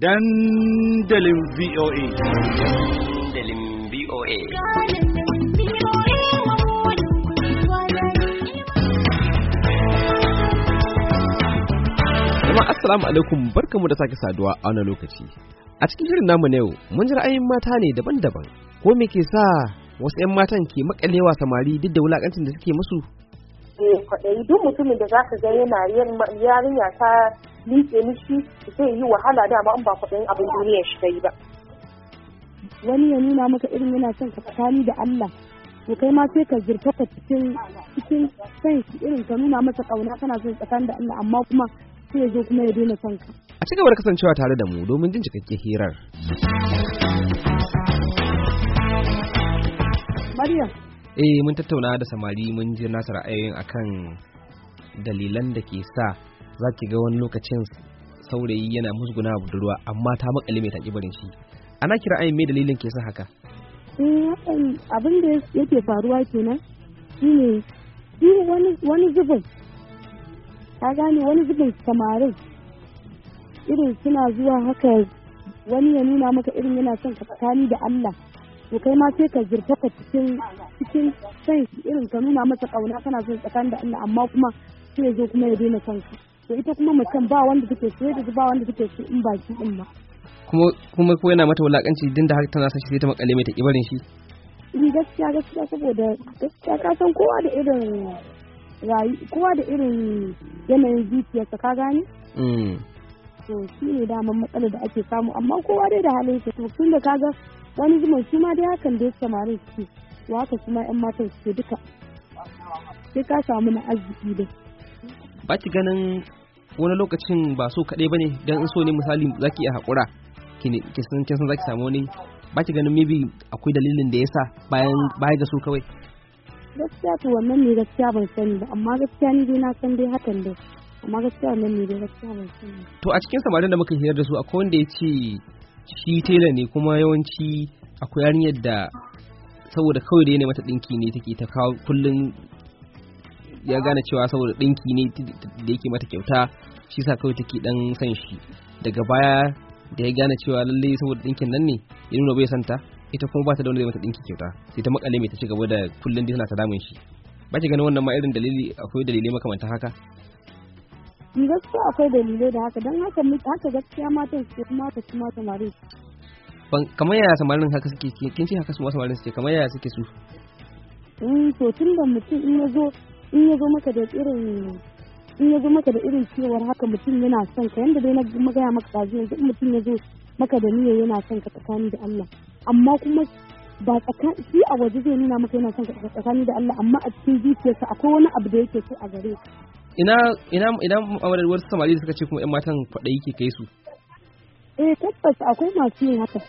dandalin VOA. Dandalin VOA. Jama'a assalamu alaikum barkamu da sake saduwa a wani lokaci. A cikin shirin namu na yau mun ji ra'ayin mata ne daban-daban ko me ke sa wasu 'yan matan ke makalewa samari duk da wulakancin da suke musu? Eh, kwaɗayi duk mutumin da za ka ga yana yarinya ta liƙe mishi zai yi wahala dama in ba kuɗin abin ya shiga yi ba. Wani ya nuna maka irin yana son ka tsakani da Allah to kai ma sai ka ka cikin cikin san shi irin ka nuna masa kauna kana son tsakani da Allah amma kuma sai ya zo kuma ya daina son ka. A ci gaba da kasancewa tare da mu domin jin cikakken hirar. Maryam. Eh mun tattauna da samari mun ji nasa ra'ayoyin akan dalilan da ke sa za ki ga wani lokacin saurayi yana musguna budurwa amma ta makale mai taƙi barin shi ana kira ayin me dalilin ke sa haka mm, abin da yake faruwa kenan shine shi wani zubin ka gane wani zubin samarin irin suna zuwa haka wani ya nuna maka irin yana son ka tsakani da Allah to kai ma sai ka ka cikin cikin sai irin ka nuna masa kauna kana son tsakani da Allah amma kuma sai ya zo kuma ya daina son ka to ita kuma macen ba wanda take so ya ba wanda take so in ba shi din ba kuma kuma ko yana mata wulakanci din da har tana sa shi sai ta makale mai ta kibarin shi ni gaskiya gaskiya saboda gaskiya ka san kowa da irin rayu kowa da irin yanayin zuciyarsa ka gane to mm. shi ne daman matsalar da ake samu amma kowa dai da halin shi to tun da kaga wani zuman shi ma dai hakan da ya samarin su to haka shi ma 'yan matan su duka sai ka samu na arziki dai ba ki ganin wani lokacin ba so kaɗai ba ne don in so ne misali za ki iya haƙura ki kin san za ki samu wani ba ki ganin maybe akwai dalilin da ya sa bayan baya ga so kawai gaskiya to wannan ne gaskiya ban sani ba amma gaskiya ni dai na san dai hakan da amma gaskiya wannan ne gaskiya ban sani to a cikin samarin da muka hirar da su akwai wanda ya ce shi tela ne kuma yawanci akwai yarinyar da saboda kawai da yana mata ɗinki ne take ta kawo kullum ya gane cewa saboda ɗinki ne da yake mata kyauta shi sa kawai take dan san shi daga baya da ya gane cewa lalle saboda ɗinkin nan ne ya nuna bai santa ita kuma ba ta da wanda zai mata ɗinki kyauta sai ta makale mai ta ci gaba da kullum dai tana ta damun shi ba ki ganin wannan ma irin dalili akwai dalilai makamantan haka gaskiya akwai dalilai da haka don haka haka gaskiya matan su kuma ta kuma Ban kamar yaya samarin haka suke kin ce haka su samarin suke kamar yaya suke su mm, to tun da mutum in ya zo in ya zo maka da irin in ya zo maka da irin cewar haka mutum yana son ka yanda dai na magaya maka da yanzu in mutum ya zo maka da niyyar yana son ka tsakani da Allah amma kuma ba tsakani shi a waje zai nuna maka yana son ka tsakani da Allah amma a cikin zuciyarsa akwai wani abu da yake so a gare ka ina ina ina mu'amalar wasu samari suka ce kuma 'yan matan faɗa yake kai su eh tabbas akwai masu yin haka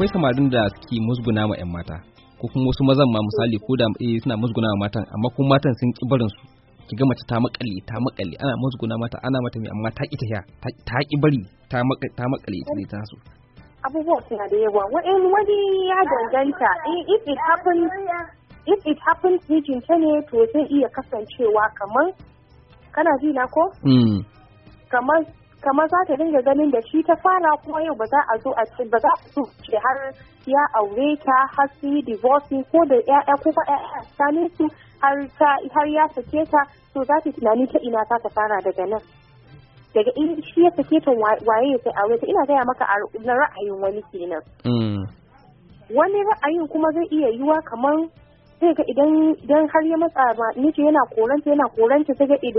akwai samarin da suke musguna ma 'yan mata ko kuma wasu mazan ma misali ko da eh suna musguna ma matan amma kuma matan sun ki barin su ki ga mace ta makale ta makale ana musguna mata ana mata mai amma ta ki tafiya ta ki bari ta makale ta makale ita ne ta so abubuwa suna da yawa wa'in wani ya danganta eh, if it happens if it happens ta ne to zai iya kasancewa kamar kana ji na ko? Hmm. kamar kamar za ta dinga ganin da shi ta fara kuma yau ba za a zo a ce ba za a ce har ya aure ta har su divorce ko da ƴaƴa ko ba ƴaƴa sani su har ya sake ta to za ta tunani ta ina za ta fara daga nan daga in shi ya sake ta waye ya sai aure ta ina gaya maka na ra'ayin wani kenan mm. wani ra'ayin kuma zai iya yiwa kamar sai ga idan har ya matsa ma miji yana koranta yana koranta ta ga eh,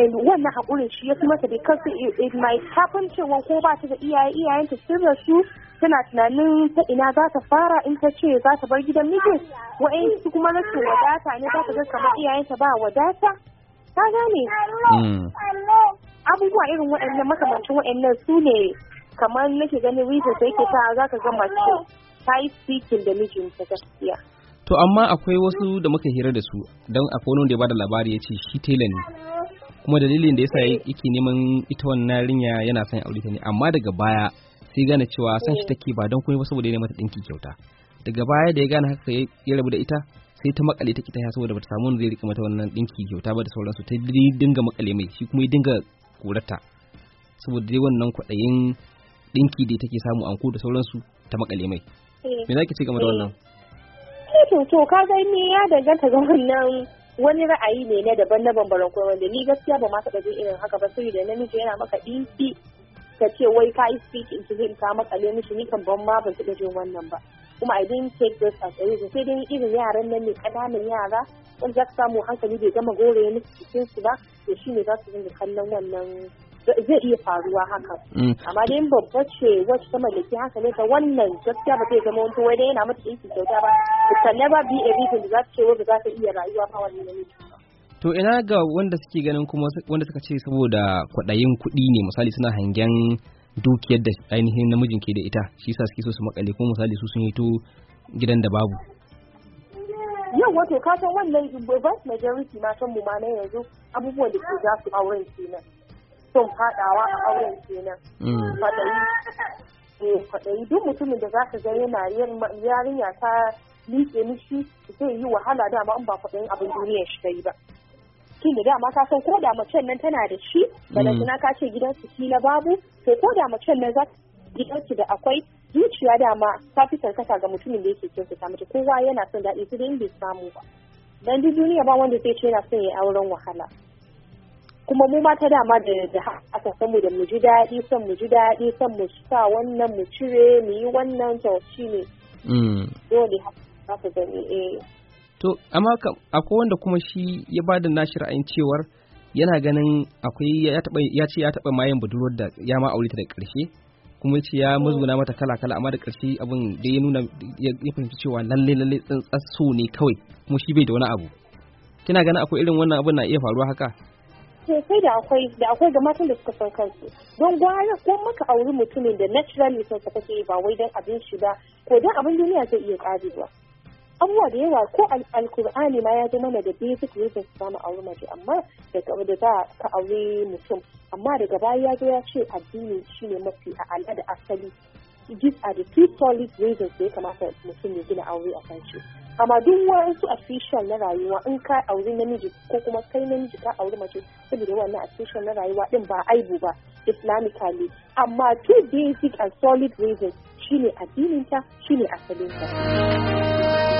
eh, wannan hakurin shi ya kuma ta because it might happen cewa ko ba ta da iyaye iyayenta sun rasu tana tunanin ta ina za ta fara in ta ce za ta bar gidan mijin su kuma rashin wadata ne za ta ga kamar iyayenta ba wadata ta gane mm. abubuwa irin waɗannan makamancin waɗannan su ne kamar nake ganin reasons da yake sa za ka ga mace ta yi speaking da mijinta gaskiya to amma akwai wasu da muka hira da su don akwai da ya bada labari ya ce shi tela ne kuma dalilin da ya sa yake neman ita wannan yarinya yana son aure ta ne amma daga baya sai gane cewa san shi take ba don kuma ba saboda ya mata dinki kyauta daga baya da ya gane haka ya rabu da ita sai ta makale ta kitaya saboda bata samu wanda zai rika mata wannan dinki kyauta ba da sauransu ta dinga makale mai shi kuma ya dinga kurata. saboda dai wannan kwaɗayin dinki da take samu anko da sauransu ta makale mai eh. me za ki ce game da wannan to to ka ga ni ya danganta ga wannan wani ra'ayi ne na daban na bambaran kuma wanda ni gaskiya ba ma taɓa jin irin haka ba saboda namiji yana maka ɗinki ka ce wai ka yi speak into him ka makale mishi ni kan ban ma ban taɓa jin wannan ba kuma I didn't take this as a reason sai dai irin yaran nan ne ƙananan yara wanda za samu hankali bai gama gore musu cikin su ba to shine za su dinga kallon wannan zai iya faruwa haka mm. amma dai babba ce wacce ta mallaki haka ne Ka wannan gaskiya ba zai zama wani wai da yana mata ɗinki kyauta ba ta never be everything da za ta ce wanda za ta iya rayuwa ba wani namiji to ina ga wanda suke ganin kuma wanda suka ce saboda kwaɗayin kuɗi ne misali suna hangen dukiyar da ainihin namijin ke da ita shi sa suke so su makale kuma misali su sun yi to gidan da babu yau wato ka san wannan vast majority matan mu ma na yanzu abubuwan da ke za su auren kenan son fadawa a auren kenan kwaɗayi mm. kwaɗayi eh, duk mutumin da zaka ga yana yarinya ta liƙe mishi zai yi wahala dama in ba kwaɗayin abin duniyar shi ta ba Kin da dama ka san ko da macen nan tana da shi balantana ka kace gidan su na babu to ko da macen nan za yi ɗauki da akwai zuciya dama ta fi sarkata ga mutumin da yake kin ta mace kowa yana son daɗi su da in bai samu ba dan duk duniya ba wanda zai ce yana son ya auren wahala kuma mu mata dama da da aka san mu da mu ji daɗi san mu ji daɗi san mu sa wannan mu cire mu yi wannan to shi ne mm. dole za ka gani eh to amma akwai wanda kuma shi ya bada nashi ra'ayin cewar yana ganin akwai ya taba ya ce ya taba mayan budurwar da ya ma aure ta da ƙarshe kuma ya ce ya muzguna mata kala kala amma da ƙarshe abin da ya nuna ya fahimci cewa lalle lalle tsantsaso ne kawai kuma shi bai da wani abu kina ganin akwai irin wannan abin na iya faruwa haka sai da akwai da akwai ga matan da suka san kansu don gwara ko maka auri mutumin da natural ne sai kake ba wai dan abin shi ba ko dan abin duniya zai iya karewa abubuwa da yawa ko alkur'ani ma ya zama da basic reasons su samu auri mace amma da za ka auri mutum amma daga baya ya zo ya ce addini shine mafi a al'ada asali these are the two solid reasons da ya kamata mutum ya gina aure a kan shi amma duk wasu official na rayuwa in ka auri namiji ko kuma kai namiji ka auri mace saboda wannan official na rayuwa din ba aibu ba islamically amma two basic and solid reasons shine addininta shine asalinta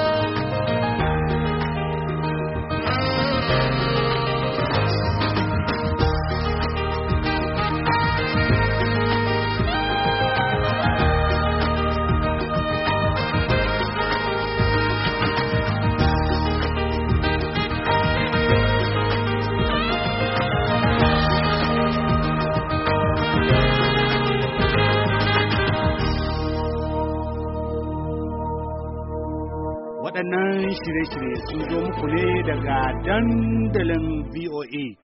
shirye-shirye sun zo muku ne daga dandalin VOA.